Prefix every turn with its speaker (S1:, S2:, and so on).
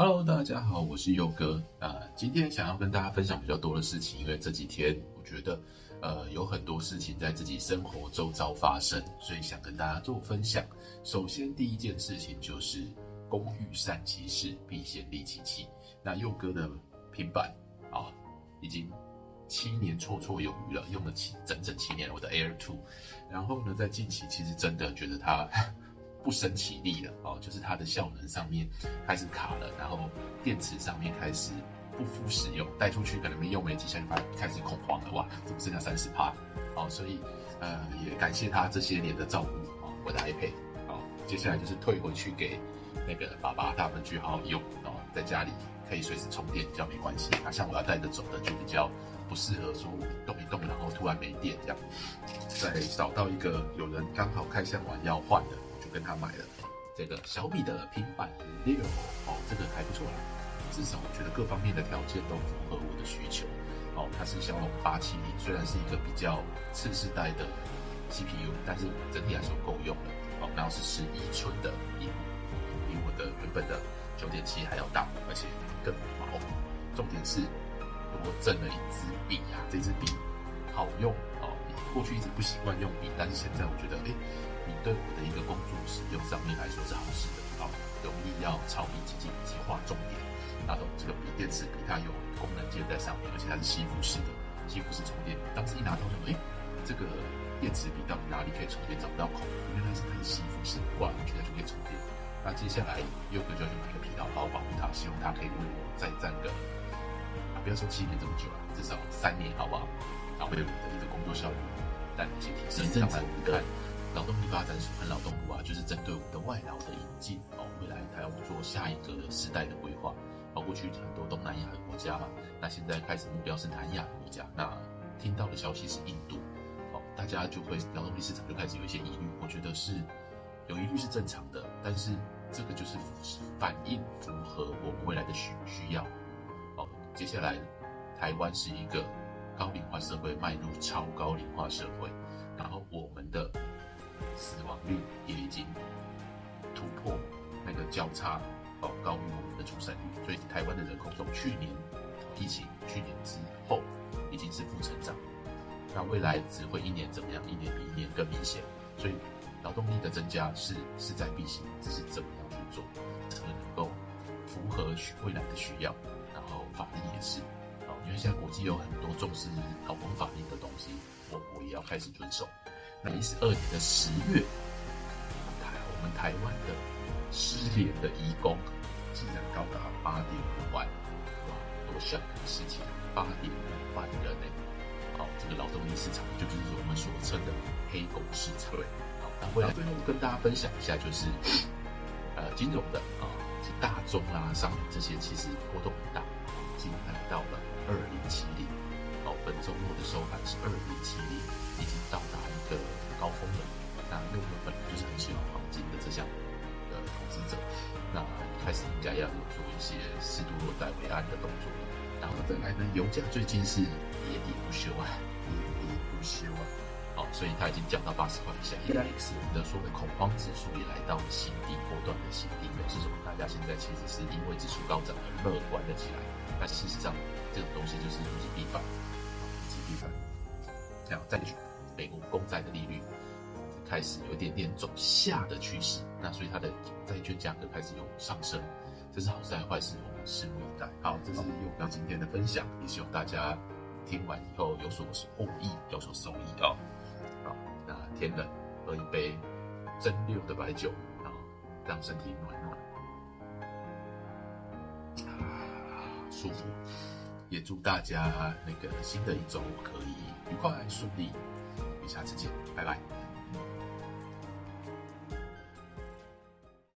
S1: Hello，大家好，我是佑哥啊、呃。今天想要跟大家分享比較多的事情，因為這幾天我覺得，呃，有很多事情在自己生活周遭發生，所以想跟大家做分享。首先第一件事情就是，工欲善其事，必先利其器。那佑哥的平板啊，已經七年綽綽有餘了，用了七整整七年了，我的 Air Two。然後呢，在近期其實真的覺得它。不升起力了哦，就是它的效能上面開始卡了，然後電池上面開始不敷使用，帶出去可能沒用沒幾下就發開始恐慌了哇，只剩下三十趴。哦，所以呃也感謝他這些年的照顧啊、哦，我的 iPad 哦，接下來就是退回去給那個爸爸他們去好好用哦，在家裡可以隨時充電，比較沒關係啊，像我要帶着走的就比較不適合說動一動，然後突然沒電這樣，再找到一個有人剛好開箱完要換的。跟他買了這個小米的平板六哦，這個還不錯啦，至少我覺得各方面的條件都符合我的需求哦。它是驍龍八七零，雖然是一個比較次世代的 CPU，但是整體來說夠用的哦。然後是十一寸的屏幕，比我的原本的九點七還要大，而且更薄。重點是多贈了一支筆啊，這支筆好用。哦過去一直不習慣用筆，但是現在我覺得，哎、欸，你對我的一個工作使用上面來說是好使的，好容易要抄筆記、記筆記、畫重點。拿到這個筆，電池筆，它有功能鍵在上面，而且它是吸附式的，吸附式充電。當時一拿到，想，哎，這個電池筆到底哪裡可以充電？找不到孔，因為它是很吸附式的，掛上去它就可以充電。那接下來佑哥就要買一個皮套，好好保護它，希望它可以為我再戰個、啊，不要說七年這麼久啊，至少三年，好不好？來為、啊、我們的一個工作效率帶來一些提升。接下來看直勞動力發展署談勞動力啊，就是針對我們的外勞的引進哦。未來它要做下一個時代的規劃，包括去很多東南亞的國家嘛。那現在開始目標是南亞國家，那聽到的消息是印度，哦，大家就會勞動力市場就開始有一些疑慮。我覺得是有疑慮是正常的，但是這個就是反映符合我們未來的需需要。哦，接下來台灣是一個。高齡化社會邁入超高齡化社會，然後我們的死亡率也已經突破那個交叉哦，高於我們的出生率，所以台灣的人口從去年疫情去年之後已經是負成長，那未來只會一年怎麼樣，一年比一年更明顯，所以勞動力的增加是勢在必行，只是怎麼樣去做才能夠符合未來的需要。現在國際有很多重視勞工法律的一個東西，我我也要開始遵守。那一十二年的十月我，我們台灣的失聯的移工竟然高達八點五萬，哇，多嚇人的事情！八點五萬人呢、欸，好、哦，這個勞動力市場就，就是我們所稱的黑狗市場。好，那、哦、我來最後跟大家分享一下，就是呃金融的啊，是、哦、大眾啊、商這些其實波動很大，已經來到了。二零七零，好，本周末的收盤是二零七零，已經到達一個高峰了。那因為本來就是很喜歡黃金的這項的投資者，那開始應該要做一些適度落袋為安的動作。然後再來呢，油價最近是跌跌不休啊，跌跌不休啊，休啊好，所以它已經降到八十塊以下，也是對 10 X, 我們的所謂恐慌指數也來到了新低，波段的新低。表示什麼？大家現在其實是因為指數高漲而樂觀了起來，但事實上。這種東西就是就是物極必反，啊，物極必反。還有債券，美國公債的利率開始有一點點走下的趨勢，那所以它的債券價格開始有上升，這是好事還是壞事？我們拭目以待。好，這是有關今天的分享，也希望大家聽完以後有所獲益，有所收益哦。好，那天冷，喝一杯蒸餾的白酒，然後讓身體暖暖，啊，舒服。也祝大家那個新的一周可以愉快順利，我們下次見，拜拜。